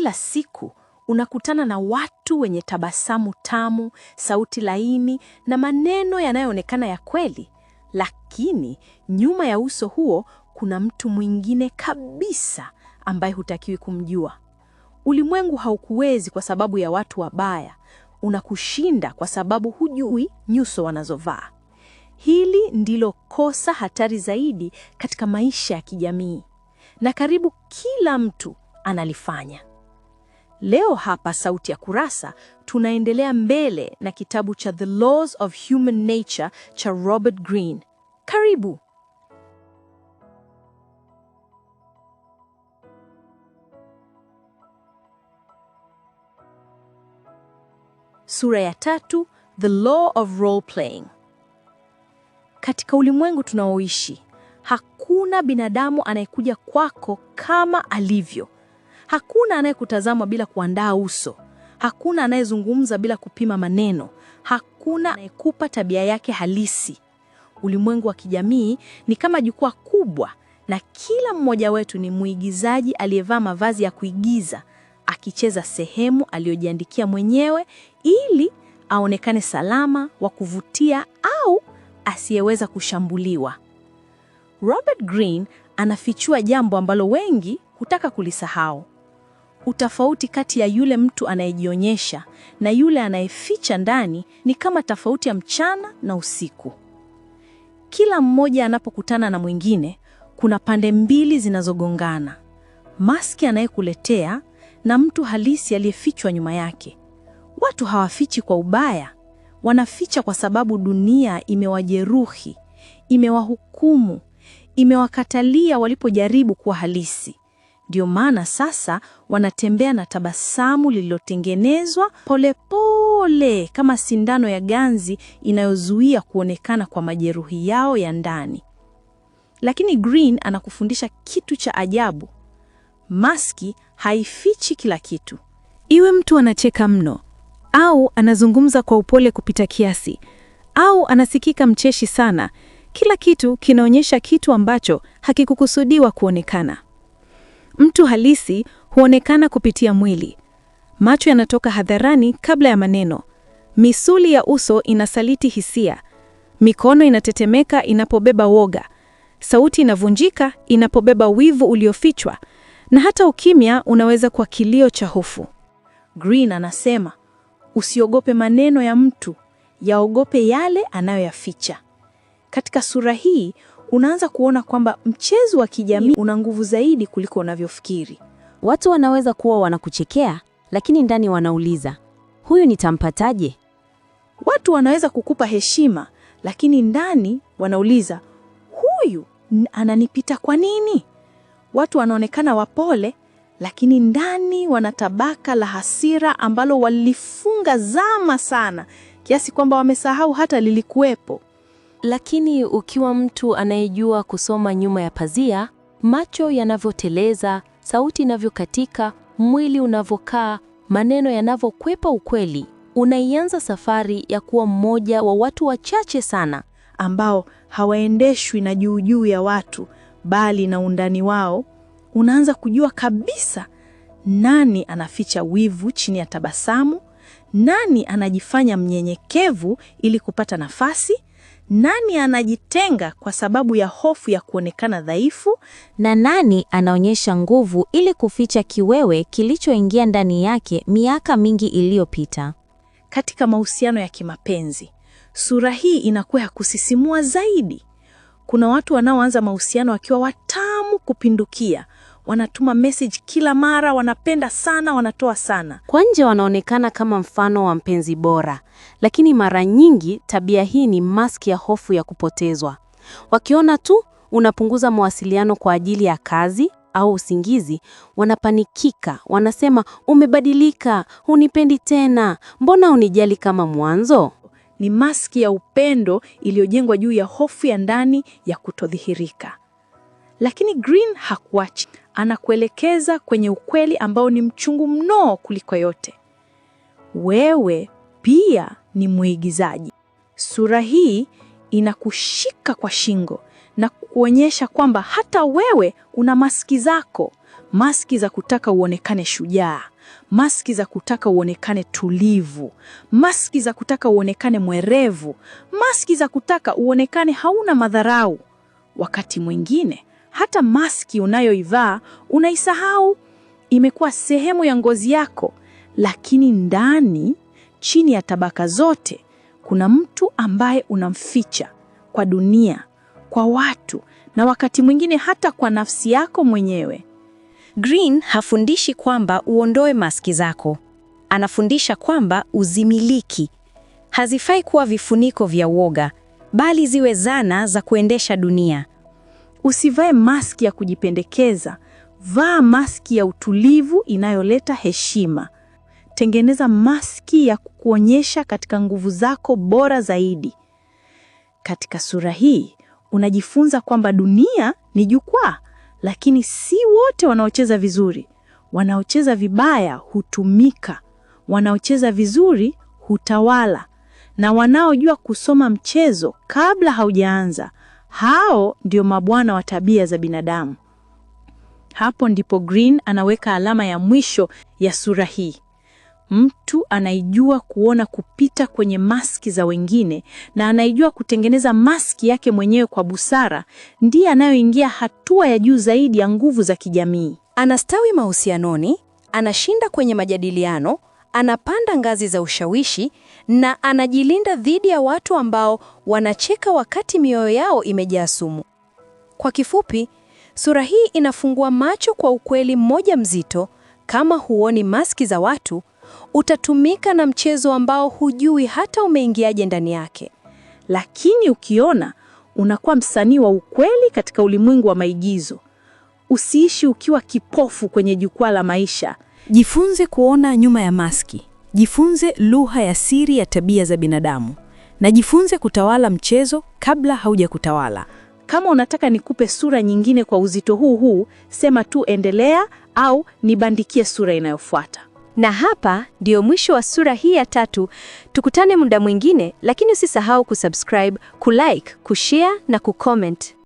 Kila siku unakutana na watu wenye tabasamu tamu, sauti laini na maneno yanayoonekana ya kweli, lakini nyuma ya uso huo kuna mtu mwingine kabisa ambaye hutakiwi kumjua. Ulimwengu haukuwezi kwa sababu ya watu wabaya, unakushinda kwa sababu hujui nyuso wanazovaa. Hili ndilo kosa hatari zaidi katika maisha ya kijamii, na karibu kila mtu analifanya. Leo hapa Sauti ya Kurasa tunaendelea mbele na kitabu cha The Laws of Human Nature cha Robert Greene. Karibu. Sura ya tatu, The Law of Role Playing. Katika ulimwengu tunaoishi, hakuna binadamu anayekuja kwako kama alivyo. Hakuna anayekutazama bila kuandaa uso, hakuna anayezungumza bila kupima maneno, hakuna anayekupa tabia yake halisi. Ulimwengu wa kijamii ni kama jukwaa kubwa, na kila mmoja wetu ni mwigizaji aliyevaa mavazi ya kuigiza, akicheza sehemu aliyojiandikia mwenyewe ili aonekane salama, wa kuvutia au asiyeweza kushambuliwa. Robert Greene anafichua jambo ambalo wengi hutaka kulisahau. Utofauti kati ya yule mtu anayejionyesha na yule anayeficha ndani ni kama tofauti ya mchana na usiku. Kila mmoja anapokutana na mwingine, kuna pande mbili zinazogongana: maski anayekuletea na mtu halisi aliyefichwa nyuma yake. Watu hawafichi kwa ubaya, wanaficha kwa sababu dunia imewajeruhi, imewahukumu, imewakatalia walipojaribu kuwa halisi. Ndio maana sasa wanatembea na tabasamu lililotengenezwa polepole kama sindano ya ganzi inayozuia kuonekana kwa majeruhi yao ya ndani. Lakini Green anakufundisha kitu cha ajabu. Maski haifichi kila kitu. Iwe mtu anacheka mno au anazungumza kwa upole kupita kiasi au anasikika mcheshi sana, kila kitu kinaonyesha kitu ambacho hakikukusudiwa kuonekana. Kitu halisi huonekana kupitia mwili. Macho yanatoka hadharani kabla ya maneno. Misuli ya uso inasaliti hisia. Mikono inatetemeka inapobeba woga. Sauti inavunjika inapobeba wivu uliofichwa. Na hata ukimya unaweza kuwa kilio cha hofu. Green anasema, usiogope maneno ya mtu, yaogope yale anayoyaficha. Katika sura hii unaanza kuona kwamba mchezo wa kijamii una nguvu zaidi kuliko unavyofikiri. Watu wanaweza kuwa wanakuchekea, lakini ndani wanauliza, huyu nitampataje? Watu wanaweza kukupa heshima, lakini ndani wanauliza, huyu ananipita kwa nini? Watu wanaonekana wapole, lakini ndani wana tabaka la hasira ambalo walifunga zama sana kiasi kwamba wamesahau hata lilikuwepo. Lakini ukiwa mtu anayejua kusoma nyuma ya pazia, macho yanavyoteleza, sauti inavyokatika, mwili unavyokaa, maneno yanavyokwepa ukweli, unaianza safari ya kuwa mmoja wa watu wachache sana ambao hawaendeshwi na juujuu ya watu bali na undani wao. Unaanza kujua kabisa nani anaficha wivu chini ya tabasamu, nani anajifanya mnyenyekevu ili kupata nafasi, nani anajitenga kwa sababu ya hofu ya kuonekana dhaifu na nani anaonyesha nguvu ili kuficha kiwewe kilichoingia ndani yake miaka mingi iliyopita. Katika mahusiano ya kimapenzi, sura hii inakuwa ya kusisimua zaidi. Kuna watu wanaoanza mahusiano wakiwa watamu kupindukia, wanatuma message kila mara, wanapenda sana, wanatoa sana. Kwa nje wanaonekana kama mfano wa mpenzi bora, lakini mara nyingi tabia hii ni maski ya hofu ya kupotezwa. Wakiona tu unapunguza mawasiliano kwa ajili ya kazi au usingizi, wanapanikika. Wanasema, umebadilika, hunipendi tena, mbona unijali kama mwanzo? Ni maski ya upendo iliyojengwa juu ya hofu ya ndani ya kutodhihirika. Lakini Green hakuachi, anakuelekeza kwenye ukweli ambao ni mchungu mno kuliko yote. Wewe pia ni mwigizaji. Sura hii inakushika kwa shingo na kuonyesha kwamba hata wewe una maski zako, maski za kutaka uonekane shujaa, maski za kutaka uonekane tulivu, maski za kutaka uonekane mwerevu, maski za kutaka uonekane hauna madharau. Wakati mwingine hata maski unayoivaa unaisahau, imekuwa sehemu ya ngozi yako, lakini ndani, chini ya tabaka zote, kuna mtu ambaye unamficha kwa dunia, kwa watu, na wakati mwingine hata kwa nafsi yako mwenyewe. Green hafundishi kwamba uondoe maski zako, anafundisha kwamba uzimiliki. Hazifai kuwa vifuniko vya uoga, bali ziwe zana za kuendesha dunia. Usivae maski ya kujipendekeza, vaa maski ya utulivu inayoleta heshima. Tengeneza maski ya kukuonyesha katika nguvu zako bora zaidi. Katika sura hii unajifunza kwamba dunia ni jukwaa, lakini si wote wanaocheza vizuri. Wanaocheza vibaya hutumika, wanaocheza vizuri hutawala, na wanaojua kusoma mchezo kabla haujaanza hao ndio mabwana wa tabia za binadamu. Hapo ndipo Green anaweka alama ya mwisho ya sura hii. Mtu anaijua kuona kupita kwenye maski za wengine na anaijua kutengeneza maski yake mwenyewe kwa busara, ndiye anayoingia hatua ya juu zaidi ya nguvu za kijamii. Anastawi mahusianoni, anashinda kwenye majadiliano, anapanda ngazi za ushawishi na anajilinda dhidi ya watu ambao wanacheka wakati mioyo yao imejaa sumu. Kwa kifupi, sura hii inafungua macho kwa ukweli mmoja mzito: kama huoni maski za watu, utatumika na mchezo ambao hujui hata umeingiaje ndani yake. Lakini ukiona, unakuwa msanii wa ukweli katika ulimwengu wa maigizo. Usiishi ukiwa kipofu kwenye jukwaa la maisha. Jifunze kuona nyuma ya maski, jifunze lugha ya siri ya tabia za binadamu, na jifunze kutawala mchezo kabla hauja kutawala. Kama unataka nikupe sura nyingine kwa uzito huu huu, sema tu endelea au nibandikie sura inayofuata. Na hapa ndio mwisho wa sura hii ya tatu. Tukutane muda mwingine, lakini usisahau kusubscribe, kulike, kushare na kucomment.